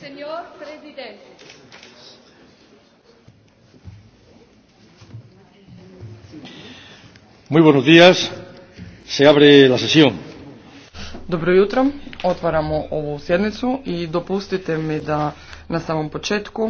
Señor Presidente. Muy buenos días. Se abre la sesión. Dobro jutro. Otvaramo ovu sjednicu i dopustite mi da na samom početku